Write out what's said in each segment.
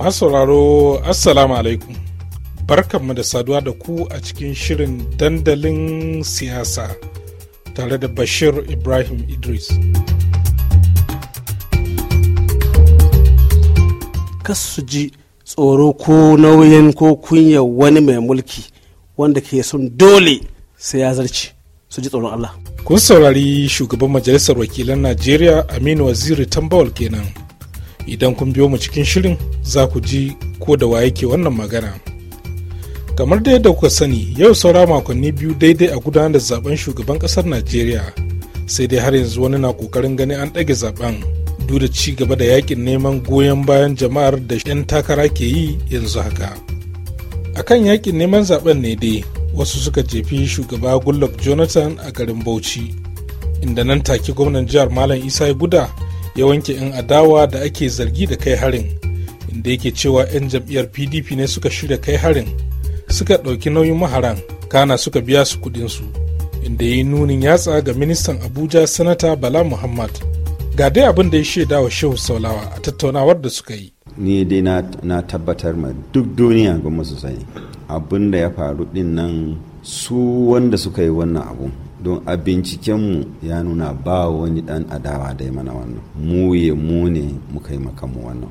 Masu sauraro Assalamu alaikum. Barkanmu da saduwa da ku a cikin shirin dandalin siyasa tare da Bashir Ibrahim Idris. su ji tsoro ko nauyin ko kunyar wani mai mulki wanda ke son dole sai ya zarce su ji tsoron Allah. Kun saurari shugaban majalisar wakilan Najeriya Aminu Waziri Tambawal kenan. idan kun biyo mu cikin shirin za ku ji ko da waye ke wannan magana kamar da yadda kuka sani yau saura makonni biyu daidai a gudanar da zaben shugaban kasar najeriya sai dai har yanzu wani na kokarin ganin an ɗage zaben duk da ci gaba da yakin neman goyon bayan jama'ar da 'yan takara ke yi yanzu haka akan yakin neman zaben ne dai wasu suka jefi shugaba goodluck jonathan a garin bauchi inda nan take gwamnan jihar malam isa guda ya wanke 'yan adawa da ake zargi da kai harin inda yake cewa 'yan jam'iyyar pdp ne suka shirya kai harin suka ɗauki nauyin maharan kana suka biya su kudinsu inda ya yi nunin yatsa ga ministan abuja sanata bala muhammad ga dai abin da ya shaida wa shehu saulawa a tattaunawar da suka yi ni dai na tabbatar ma duk duniya ga masu sani abin da ya faru din nan su wanda suka yi wannan abun don a bincikenmu ya nuna ba wani dan adawa da ya mana wannan mu ye mu ne muka yi makamu wannan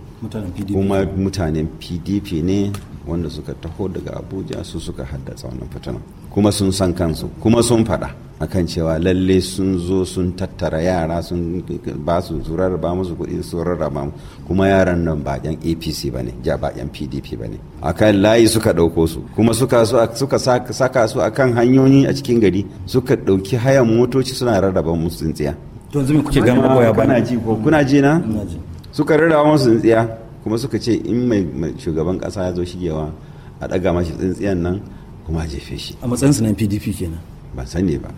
kuma mutanen pdp ne wanda suka taho daga abuja su suka haddasa wannan fitanan kuma sun san kansu kuma sun faɗa kan cewa lalle sun zo sun tattara yara sun ba su rarraba musu kuɗi su rarraba mu kuma yaran nan baƙen apc ba ne ja baƙen pdp ba ne A kan layi suka ɗauko su kuma suka saka su a kan hanyoyi a cikin gari suka ɗauki hayan motoci suna rarraba musu tsintsiya to zumi kuke gama magoya ba ji ko kuna ji na suka rarraba musu tsintsiya kuma suka ce in mai shugaban ƙasa ya zo shigewa a ɗaga mashi tsintsiyan nan kuma a jefe shi a matsayin na pdp kenan ban sani ba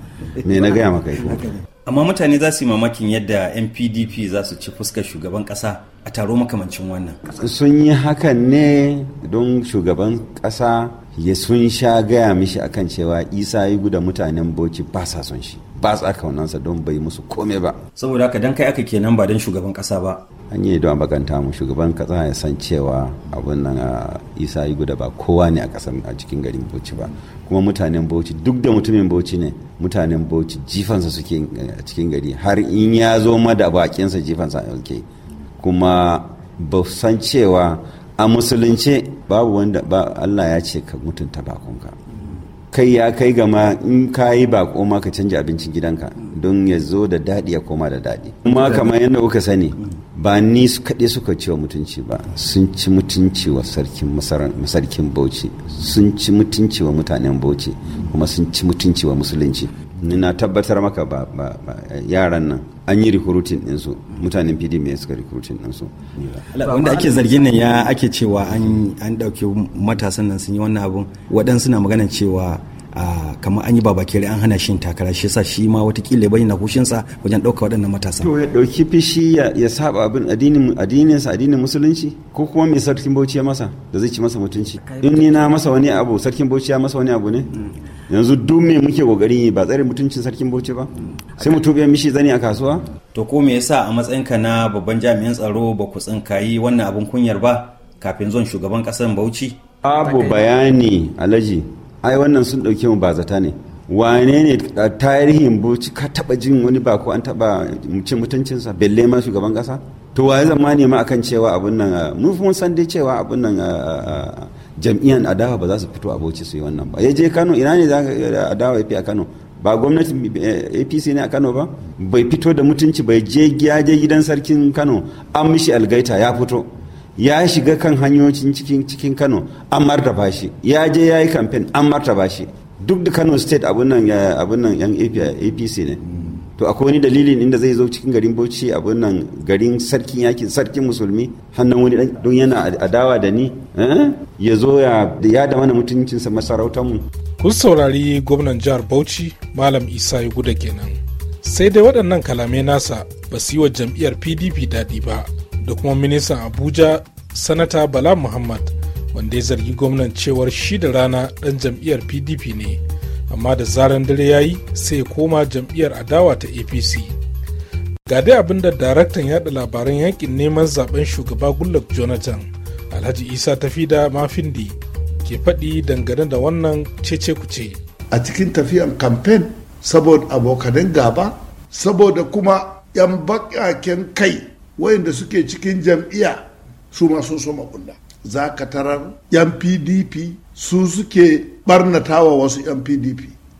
me na gaya maka ko amma mutane za su yi mamakin yadda npdp za su ci fuskar shugaban kasa a taro makamancin wannan sun yi hakan ne don shugaban kasa ya sun sha gaya mishi akan cewa isa yi da mutanen boci ba sa son shi ba sa kaunansa don bai musu kome ba saboda haka dan kai aka kenan ba don shugaban kasa ba an yi don bakanta mu shugaban kasa ya san cewa abun nan a isa yi da ba kowa ne a cikin garin boci ba kuma mutanen boci duk da mutumin boci ne mutanen boci jifansa suke eh, a cikin gari har in ya zo mada bakinsa jifansa yake kuma ba san cewa a musulunce babu wanda ba Allah ya ce ka mutunta bakonka kai ya kai gama in ka yi bako ma ka canja abincin gidanka don ya zo da daɗi ya koma da daɗi kuma kamar yadda kuka sani ba ni su kaɗai suka ciwa mutunci ba sun ci mutunci wa sarkin bauchi sun ci mutunci wa mutanen bauchi kuma sun ci mutunci wa musulunci na tabbatar maka ba, yaran nan an yi recruiting ɗinsu mutanen pdm ya suka recruiting ɗinsu wanda ake zargin nan ya ake cewa an ɗauke matasan nan sun yi wannan abun waɗansu na maganar cewa kamar an yi babakere an hana shin takara shi sa shi ma watakila ya bayyana kushinsa wajen ɗauka waɗannan matasa. To ya ɗauki fishi ya saba abin addinin addininsa addinin musulunci ko kuma mai sarkin bauchi ya masa da zai ci masa mutunci. In ni na masa wani abu sarkin bauchi ya masa wani abu ne? Mm. yanzu duk me muke yi ba tsare mutuncin sarkin bauchi ba sai mu tobe mishi zani a kasuwa to ko me yasa a matsayinka na babban jami'in tsaro ba ku tsinkayi wannan abun kunyar ba kafin zuwan shugaban kasar bauchi abu bayani alaji ai wannan sun dauke mu bazata ne wane ne tarihin bauchi ka taba jin wani ba ko an taba mutuncin mutuncinsa belle ma shugaban kasa to waye zamani ma akan cewa abun nan mun san dai cewa abun nan jam'iyyar adawa ba za su fito a bauchi su yi wannan ba ya je kano ina ne za adawa ya fi a kano ba gwamnati eh, apc ne a kano ba bai fito da mutunci bai je ya je gidan sarkin kano an mishi algaita ya fito ya shiga kan hanyoyin cikin cikin kano an ba shi ya je ya yi kamfen an martaba shi duk da kano state abun nan eh, yan apc ne to akwai wani dalilin inda zai zo cikin garin bauchi a nan garin sarkin yakin sarkin musulmi hannun wani don yana adawa da ni eh? ya zo ya da mana mutuncinsa masarautar mu kun saurari gwamnan jihar bauchi malam isa ya guda kenan sai dai waɗannan kalamai nasa ba su yi wa jam'iyyar pdp daɗi ba da kuma ministan abuja sanata bala muhammad wanda ya zargi gwamnan cewar shi da rana ɗan jam'iyyar pdp ne amma da zaran dare ya yi sai koma jam'iyyar adawa ta apc ga dai abin da daraktan yada labaran yakin neman zaben shugaba gullak jonathan alhaji isa tafida mafindi ke faɗi dangane da wannan cece kuce a cikin tafiyan kamfen saboda abokanin gaba saboda kuma 'yan bakaken kai wayanda suke cikin jam'iyya su masu so makunna za ka tarar 'yan pdp su suke barnata wa wasu 'yan pdp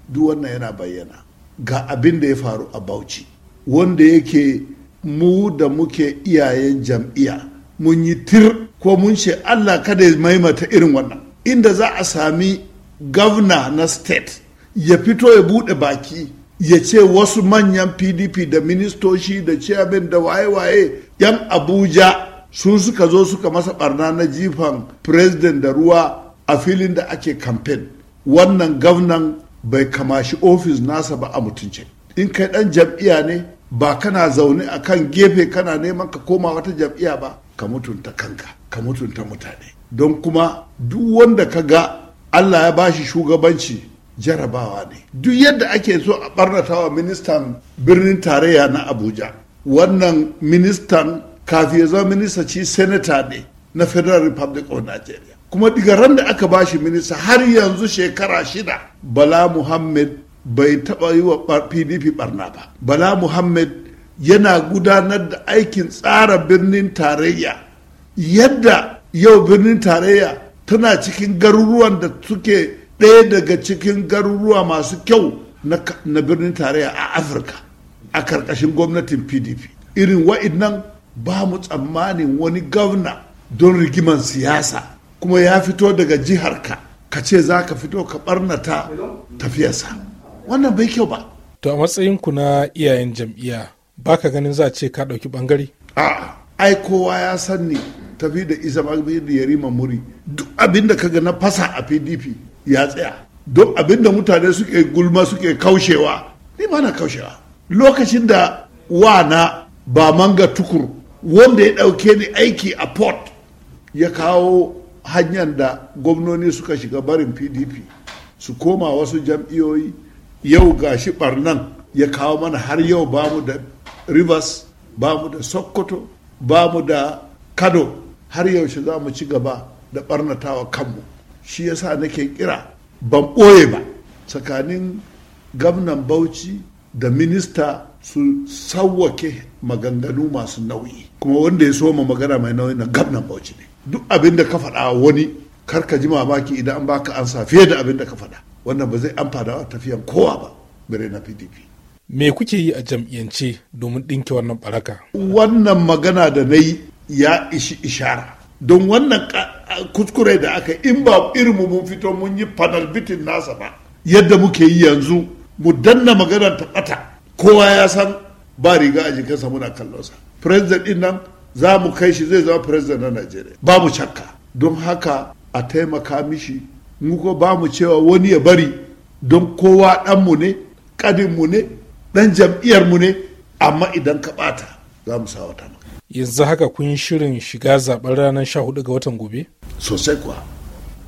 duk wannan yana bayyana ga abin da ya faru a bauchi wanda yake mu da muke iyayen jam'iyya mun yi tir ko mun ce allah kada ya maimata irin wannan inda za a sami gavna na state ya fito ya bude baki ya ce wasu manyan pdp da ministoshi da chairman da waye-waye 'yan abuja sun suka zo suka masa barna na jifan president da ruwa a filin da ake kamfen wannan gwamnan bai kamashi ofis nasa ba a mutunce in kai dan jam'iyya ne ba kana zaune a kan gefe kana neman ka koma wata jam'iyya ba ka mutunta kanka ka mutunta mutane don kuma duk wanda ka ga allah ya bashi shugabanci jarabawa ne duk yadda ake so a barnata wa ministan birnin tarayya na abuja wannan ministan kafin ya zama minista ci senata ne na federal republic of nigeria kuma daga ran da aka bashi minista har yanzu shekara shida bala muhammad bai taɓa yi wa pdp barna ba bala muhammad yana gudanar da aikin tsara birnin tarayya yadda yau birnin tarayya tana cikin garuruwan da suke ɗaya daga cikin garuruwa masu kyau na birnin tarayya a afirka a karkashin gwamnatin pdp irin wa'in nan ba mu tsammanin wani gwamna don rigiman siyasa kuma ya fito daga jihar ka ce za ka fito ka barnata tafiyarsa wannan bai kyau ba to a matsayin ku na iyayen jam'iyya ba ka ganin za a ce ka ɗauki ɓangare a ai kowa ya san ni tafi da isa da yarima muri duk abin da ga na fasa a pdp ya tsaya duk abin da mutane suke gulma suke kaushewa ni ba na kaushewa lokacin da wa na. ba manga tukur wanda ya ɗauke ni aiki a port ya kawo hanyar da gwamnoni suka shiga barin pdp su koma wasu jam'iyoyi yau ga gashi barnan ya kawo mana har yau bamu da rivers bamu da sokoto bamu da kado har yaushe za mu ci gaba da barnatawa kanmu shi yasa nake kira ban ɓoye ba tsakanin gamnan bauchi da minista su sawwake maganganu masu nauyi kuma wanda ya soma magana mai nauyi na gabnan bauchi ne duk abin da ka faɗa wani karka ji mamaki idan an baka ansa fiye da abin da ka faɗa wannan ba zai amfana a tafiyan kowa ba bare na pdp me kuke yi a jam'iyyance domin ɗinke wannan baraka wannan magana da na ya ishi ishara don wannan kuskure da aka in ba irin mu mun fito mun yi panel bitin nasa ba yadda muke yi yanzu mu danna maganar ta ɓata kowa ya san ba riga a jikinsa muna kallonsa president din nan za mu kai shi zai zama president na najeriya ba mu shakka don haka a taimaka mishi mu ko ba mu cewa wani ya bari don kowa ɗanmu ne ƙadinmu ne ɗan jam'iyyarmu ne amma idan ka ɓata za mu sa wata yanzu haka kun shirin shiga zaben ranar sha hudu ga watan gobe sosai kuwa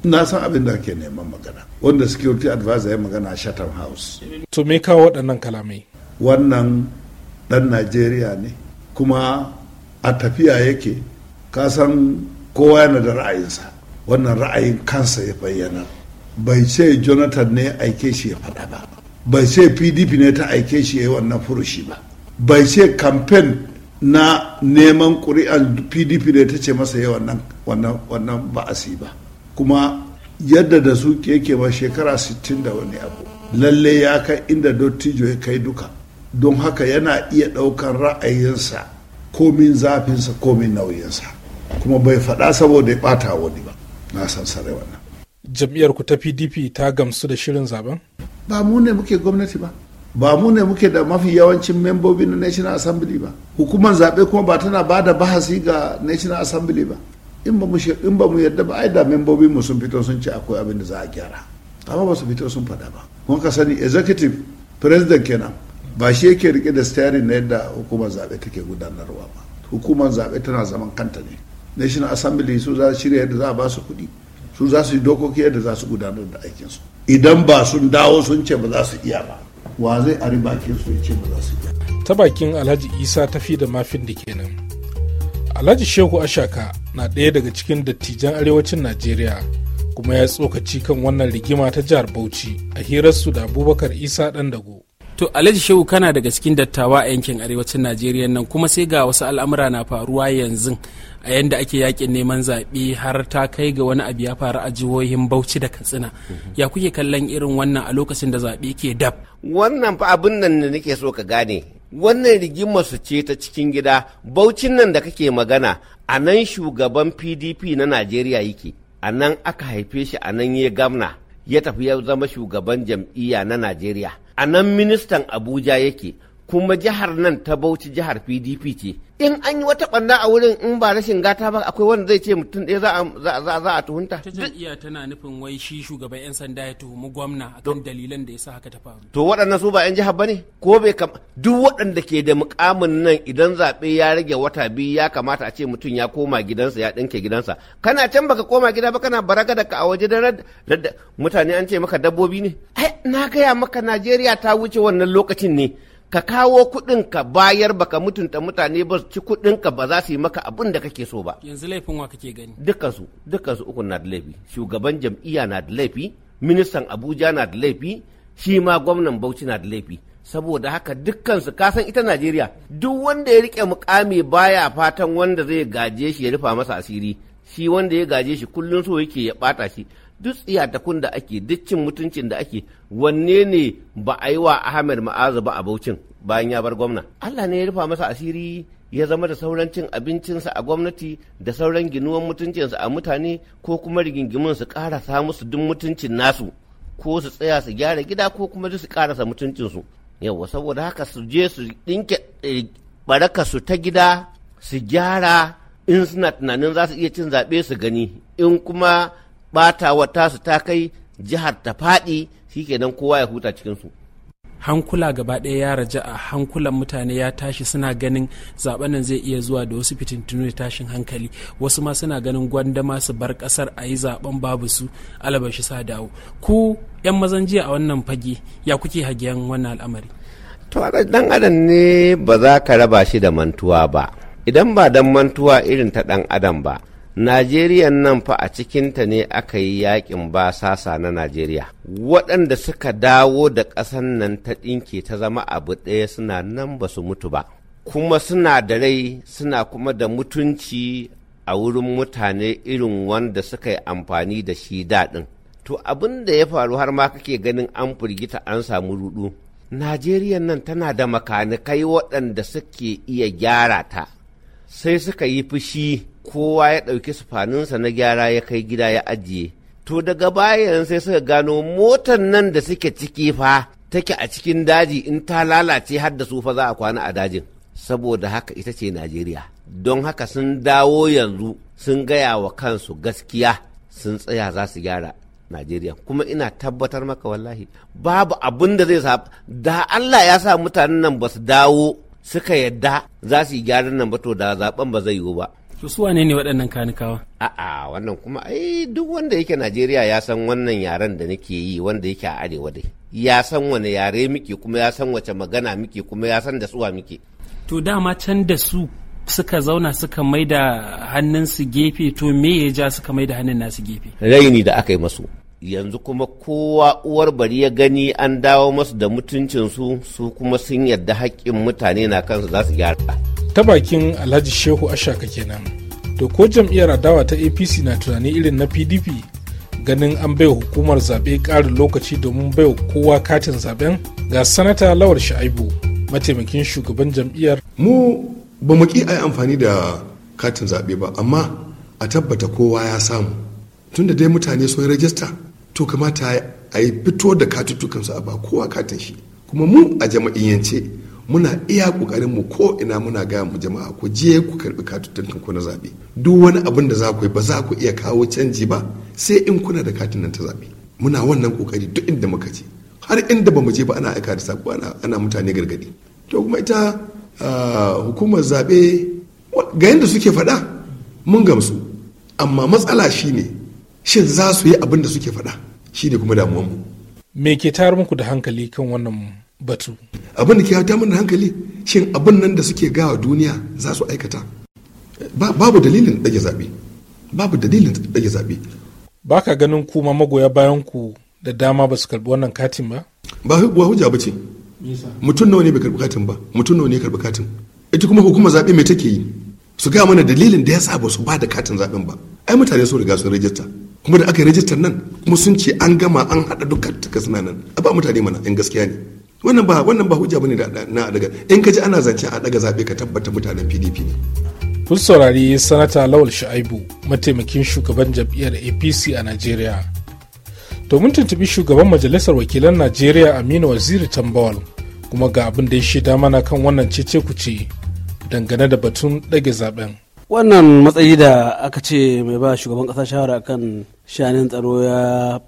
na san abin da ke neman magana wanda security advisor ya magana a chatham house to me kawo waɗannan kalamai wannan ɗan najeriya ne kuma a tafiya yake kasan kowa yana da ra'ayinsa wannan ra'ayin kansa ya bayyana bai ce jonathan ne aike shi ya faɗa ba bai ce pdp ne ta aike shi ya yi wannan furushi ba bai ce kamfen na neman ƙuri'an pdp ne ta ce masa ya wannan wannan ba'asi ba kuma yadda da su yake ma shekara 60 da wani abu lalle ya kai inda dottijo ya kai duka don haka yana iya ɗaukar ra'ayinsa komin zafinsa komin nauyinsa kuma bai faɗa saboda ya ɓata wani ba na san sarai wannan jam'iyyar ku ta pdp ta gamsu da shirin zaben ba mu ne muke gwamnati ba ba mu ne muke da mafi yawancin membobi na national assembly ba hukumar zaɓe kuma ba tana ba da bahasi ga national assembly ba in ba mu in ba mu yarda ba ai da membobi mu sun fito sun ce akwai abin da za a gyara amma ba su fito sun faɗa ba kuma ka sani executive president kenan ba shi yake rike da steering na yadda hukumar zaɓe take gudanarwa ba hukumar zaɓe tana zaman kanta ne national assembly su za su shirya yadda za a ba su kuɗi su za su yi dokoki yadda za su gudanar da aikinsu idan ba sun dawo sun ce ba za su iya ba wa zai ari bakin su ce ba za su iya ta bakin alhaji isa tafi da mafin da kenan alhaji shehu ashaka na ɗaya daga cikin dattijan arewacin najeriya kuma ya tsokaci kan wannan rigima ta jihar bauchi a hirarsu da abubakar isa ɗan dago To Alhaji Shehu kana daga cikin dattawa a yankin arewacin Najeriya nan kuma sai ga wasu al'amura na faruwa yanzu a yadda ake yakin neman zaɓe har ta kai ga wani abu ya faru a jihohin Bauchi da Katsina. Mhm. Ya kuke kallon irin wannan a lokacin da zaɓe ke dab? Wannan fa abin nan da nake so ka gane. Wannan rigima su ce ta cikin gida Bauchin nan da kake magana a nan shugaban PDP na Najeriya yake. A nan aka haife shi a nan ya gamna. ya tafi ya zama shugaban jam'iyya na Najeriya. A nan ministan Abuja yake kuma jihar nan ta bauchi jihar pdp ce in an yi wata ɓanna a wurin in ba rashin gata ba akwai wanda zai ce mutum ɗaya za a tuhunta ta jam'iyya tana nufin wai shi shugaban yan sanda ya tuhumi gwamna akan dalilan da ya sa haka ta faru to waɗannan su ba yan jihar bane ko bai kam duk waɗanda ke da mukamin nan idan zaɓe ya rage wata biyu ya kamata a ce mutum ya koma gidansa ya ɗinke gidansa kana can baka koma gida ba kana baraga da ka a waje da mutane an ce maka dabbobi ne ai eh, na gaya maka Najeriya ta wuce wannan lokacin ne ka kawo kuɗin ka bayar baka mutunta mutane ba ci kuɗin ka ba za su yi maka abin da kake so ba yanzu laifin wa kake gani duka su duka su uku na da laifi shugaban jam'iyya na da laifi ministan abuja na da laifi shi ma gwamnan bauchi na da laifi saboda haka dukkansu kasan ita najeriya duk wanda ya rike mukami baya fatan wanda zai gaje shi ya rufa masa asiri shi wanda ya gaje shi kullum so yake ya bata shi duk tsiyatakun da ake duk mutuncin da ake wanne ne ba a yi wa ahmed ma'azu ba a baucin bayan ya bar gwamna allah ne ya rufa masa asiri ya zama da sauran cin abincinsa a gwamnati da sauran ginuwan mutuncinsa a mutane ko kuma rigingimin su sa musu duk mutuncin nasu ko su tsaya su gyara gida ko kuma su karasa mutuncinsu yawa saboda haka su je su ɗinke eh, baraka su ta gida su gyara in suna tunanin za su iya cin zaɓe su gani in kuma wata su ta kai jihar ta faɗi shikenan kowa ya huta cikinsu hankula gaba ɗaya ya raja a hankulan mutane ya tashi suna ganin zaben nan zai iya zuwa da wasu fitintunu da tashin hankali wasu ma suna ganin gwanda masu su bar ƙasar a yi zaben babu su alabashi sa dawo ku yan mazan jiya a wannan fage ya kuke hagiyan wannan al'amari to dan adam ne ba za ka raba shi da mantuwa ba idan ba dan mantuwa irin ta dan adam ba Najeriya nan fa a cikinta ne aka yi yakin basasa na Najeriya. Waɗanda suka dawo da ƙasan nan ta ɗinke ta zama abu ɗaya suna nan ba su mutu ba. Kuma suna da rai suna kuma da mutunci a wurin mutane irin wanda suka yi amfani da shi daɗin. To abin da ya faru har ma kake ganin an firgita an samu ruɗu. Najeriya nan tana da makanikai waɗanda suke iya gyara ta, sai suka yi fushi. kowa ya ɗauki sufaninsa na gyara ya kai gida ya ajiye to daga bayan sai suka gano motar nan da suke ciki fa take a cikin daji in ta lalace har da su fa za a kwana a dajin saboda haka ita ce najeriya don haka sun dawo yanzu sun gaya wa kansu gaskiya sun tsaya za su gyara najeriya kuma ina tabbatar maka wallahi babu abin da zai sa da allah ya sa mutanen nan ba su dawo suka yadda za su yi gyaran nan ba to da zaben ba zai yiwu ba to su wane ne waɗannan kanikawa a'a wannan kuma ai duk wanda yake najeriya ya san wannan yaren da nake yi wanda yake a arewa dai ya san wane yare muke kuma ya san wace magana muke kuma ya san da suwa muke to dama can da su suka zauna suka mai da hannun su gefe to me ya ja suka mai da hannun nasu gefe raini da aka yi masu yanzu kuma kowa uwar bari ya gani an dawo masu da mutuncinsu su kuma sun yarda haƙƙin mutane na kansu za su gyara ta bakin alhaji shehu ashaka kenan to ko jam'iyyar adawa ta apc na tunani irin na pdp ganin an bai hukumar zaɓe ƙarin lokaci domin bai kowa katin zaben ga sanata lawar sha'ibu mataimakin shugaban jam'iyyar mu ba mu ki a amfani da katin zaɓe ba amma a tabbata kowa ya samu tunda dai mutane sun rajista to kamata a yi fito da katuttukansu a ba kowa katin shi kuma mu a jama'iyyance muna iya kokarin mu ko ina muna gaya mu jama'a ku je ku karbi katuttukan ku na zabe duk wani abin da za ku yi ba za ku iya kawo canji ba sai in kuna da katin ta zabe muna wannan kokari duk inda muka je har inda ba mu je ba ana aika da sako ana mutane gargadi to kuma ita hukumar zabe ga yadda suke faɗa mun gamsu amma matsala shine shin za su yi abin da suke faɗa shine kuma mu. me ke tayar muku da hankali kan wannan batu abin da ke hata mana hankali shin abin nan da suke gawa duniya za su aikata babu dalilin dage zaɓe babu dalilin dage zaɓe ba ka ganin kuma magoya bayan ku da dama ba su karɓi wannan katin ba ba hujja ba ce mutum nawa ne bai karɓi katin ba mutum nawa ne karɓi katin ita kuma hukumar zaɓe mai take yi su ga mana dalilin da ya sa ba su ba da katin zaɓen ba ai mutane sun riga sun rajista kuma da aka yi rajistar nan kuma sun ce an gama an haɗa dukkan takasuna nan a ba mutane mana yan gaskiya ne wannan ba wannan ba hujja bane na daga in ka ji ana zance a daga zabe ka tabbata mutanen PDP ne kun saurari sanata Lawal Shu'aibu mataimakin shugaban jam'iyyar APC a Najeriya to mun tuntubi shugaban majalisar wakilan Najeriya Aminu Waziri Tambawal kuma ga abin da ya shaida mana kan wannan cece ce, dangane da batun ɗage zaben wannan matsayi da aka ce mai ba shugaban kasa shawara kan shanin tsaro ya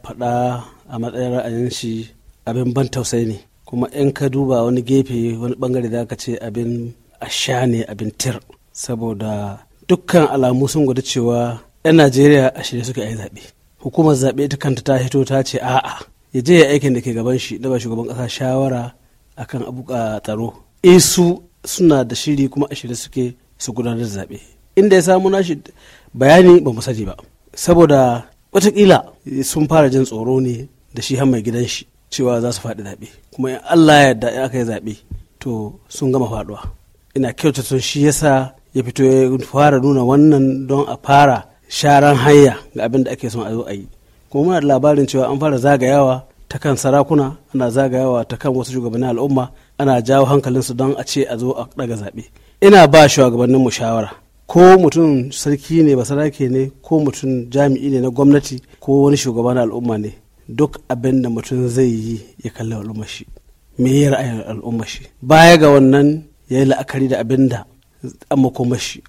faɗa a matsayin ra'ayin shi abin ban tausayi ne kuma in ka duba wani gefe wani bangare za ka ce abin asha ne abin tir saboda dukkan alamu sun gwada cewa 'yan najeriya a shirye suka yi zaɓe hukumar zaɓe ta kanta ta hito ta ce a'a ya je ya aikin da ke gaban shi da ba shugaban ƙasa shawara akan abuka tsaro isu e, suna da shiri kuma a shirye suke su gudanar da zaɓe inda ya samu nashi bayani ba mu sani ba saboda watakila sun fara jin tsoro ne da shi har mai gidan shi cewa za su faɗi zaɓe kuma in allah ya yarda in aka yi zaɓe to sun gama faɗuwa ina kyauta sun shi yasa ya fito ya fara nuna wannan don a fara sharan hanya ga abin da ake son a zo a yi kuma muna da labarin cewa an fara zagayawa ta kan sarakuna ana zagayawa ta kan wasu shugabannin al'umma ana jawo hankalinsu don a ce a zo a ɗaga zaɓe ina ba shugabannin mu shawara ko mutum sarki ne ba sarake ne ko mutum jami'i ne na gwamnati ko wani shugaban al'umma ne duk abin da mutum zai yi ya kalli al'ummar shi me ya ra'ayin al'ummar shi baya ga wannan ya yi la'akari da abin da an makomar shi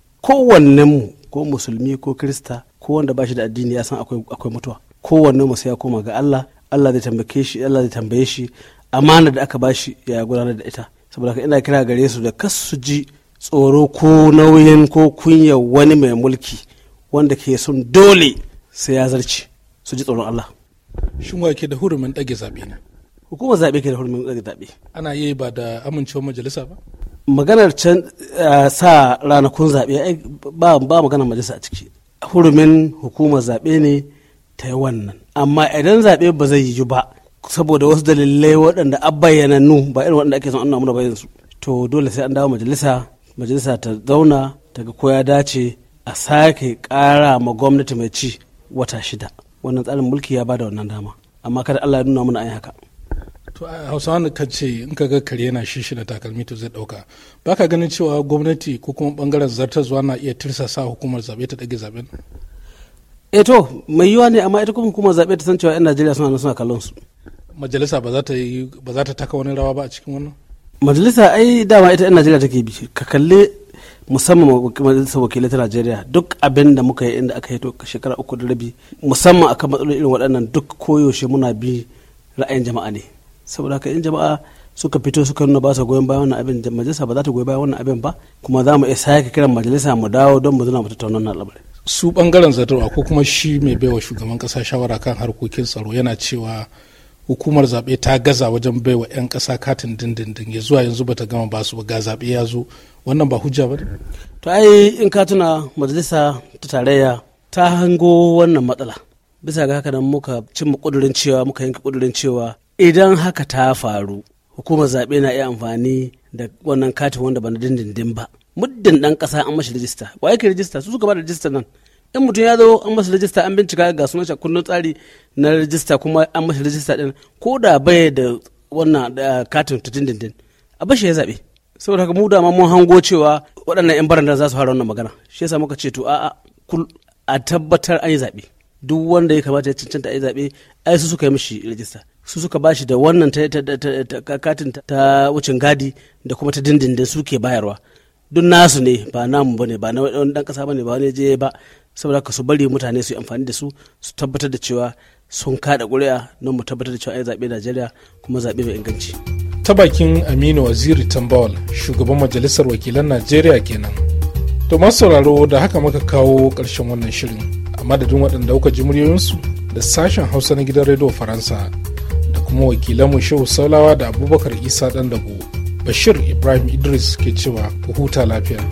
mu ko musulmi ko kirista ko wanda ba shi da addini ya san akwai mutuwa kowanne mu sai ya koma ga Allah Allah zai tambaye shi Allah zai tambaye shi amana da aka ba shi ya gudanar da ita saboda ka ina kira gare su da kas su ji tsoro ko nauyin ko kunyar wani mai mulki wanda ke son dole sai ya zarci su ji tsoron Allah shin wa ke da hurumin ɗage zaɓe ne hukumar zaɓe ke da hurumin ɗage zaɓe ana yi ba da amincewar majalisa ba maganar can eh, sa ranakun zaɓe ba ba maganar majalisa a ciki hurumin hukumar zaɓe ne ta yi wannan amma idan zaɓe ba zai yi ba saboda wasu dalilai waɗanda a nu ba irin waɗanda ake son an namu da bayan su to dole sai an dawo majalisa majalisa ta zauna ta ga ko ya dace a sake ƙara ma gwamnati mai ci wata shida wannan tsarin mulki ya bada wannan dama amma kada Allah ya nuna mana ai haka to ne kan ce in ka ga kare yana shishi da takalmi to zai dauka ba ka ganin cewa gwamnati ko kuma bangaren zuwa na iya tirsasa hukumar zabe ta dage zaben eh to mai yiwa ne amma ita kuma hukumar zabe ta san cewa yan Najeriya suna nan suna kallon su majalisa ba za ta yi ba za ta taka wani rawa ba a cikin wannan majalisa ai dama ita yan Najeriya take bi ka kalle musamman majalisar wakilai ta najeriya duk abin da muka yi inda aka yi shekara uku da rabi musamman akan matsalolin irin waɗannan duk koyaushe muna bi ra'ayin jama'a ne saboda haka in jama'a suka fito suka nuna ba su goyon bayan wannan abin majalisa ba za ta goyi bayan wannan abin ba kuma za mu iya sake kiran majalisa mu dawo don mu zuna mu tattauna wannan al'amari su bangaren zartarwa ko kuma shi mai baiwa shugaban kasa shawara kan harkokin tsaro yana cewa hukumar zaɓe ta gaza wajen baiwa 'yan ƙasa katin dindindin ya zuwa yanzu bata gama basu ba ga zaɓe ya zo wannan ba hujja ba to ai in ka tuna majalisa ta tarayya ta hango wannan matsala bisa ga haka nan muka cimma kudurin cewa muka yanke kudurin cewa idan haka ta faru hukumar zaɓe na iya amfani da wannan katin wanda ba na dindindin ba muddin dan kasa an mashi rijista wa yake rijista su suka ba da rijista nan in mutum ya zo an masa rijista an bincika ga sunan kundin tsari na rijista kuma an masa rijista din ko da bai da wannan eh, katin ta dindindin a bashi ya zaɓe saboda haka mu da mun hango cewa waɗannan 'yan baranda za su fara wannan magana shi yasa muka ce to a a tabbatar an yi zaɓe duk wanda ya kamata ya cancanta a yi zaɓe ai su suka yi mishi rajista su suka bashi da wannan katin ta wucin gadi da kuma ta dindindin su ke bayarwa duk nasu ne ba namu ba ne ba na wani ɗan ƙasa ba ne ba wani je ba saboda ka su bari mutane su yi amfani da su su tabbatar da cewa sun kaɗa ƙuri'a don mu tabbatar da cewa ai zaɓe Najeriya kuma zaɓe mai inganci. ta bakin aminu waziri tambawal shugaban majalisar wakilan najeriya kenan to sauraro da haka muka kawo karshen wannan shirin a madadin waɗanda kuka ji muryoyinsu da sashen hausa na gidan rediyo faransa da kuma wakilan mu shehu saulawa da abubakar isa ɗan dago bashir ibrahim idris ke cewa ku huta lafiya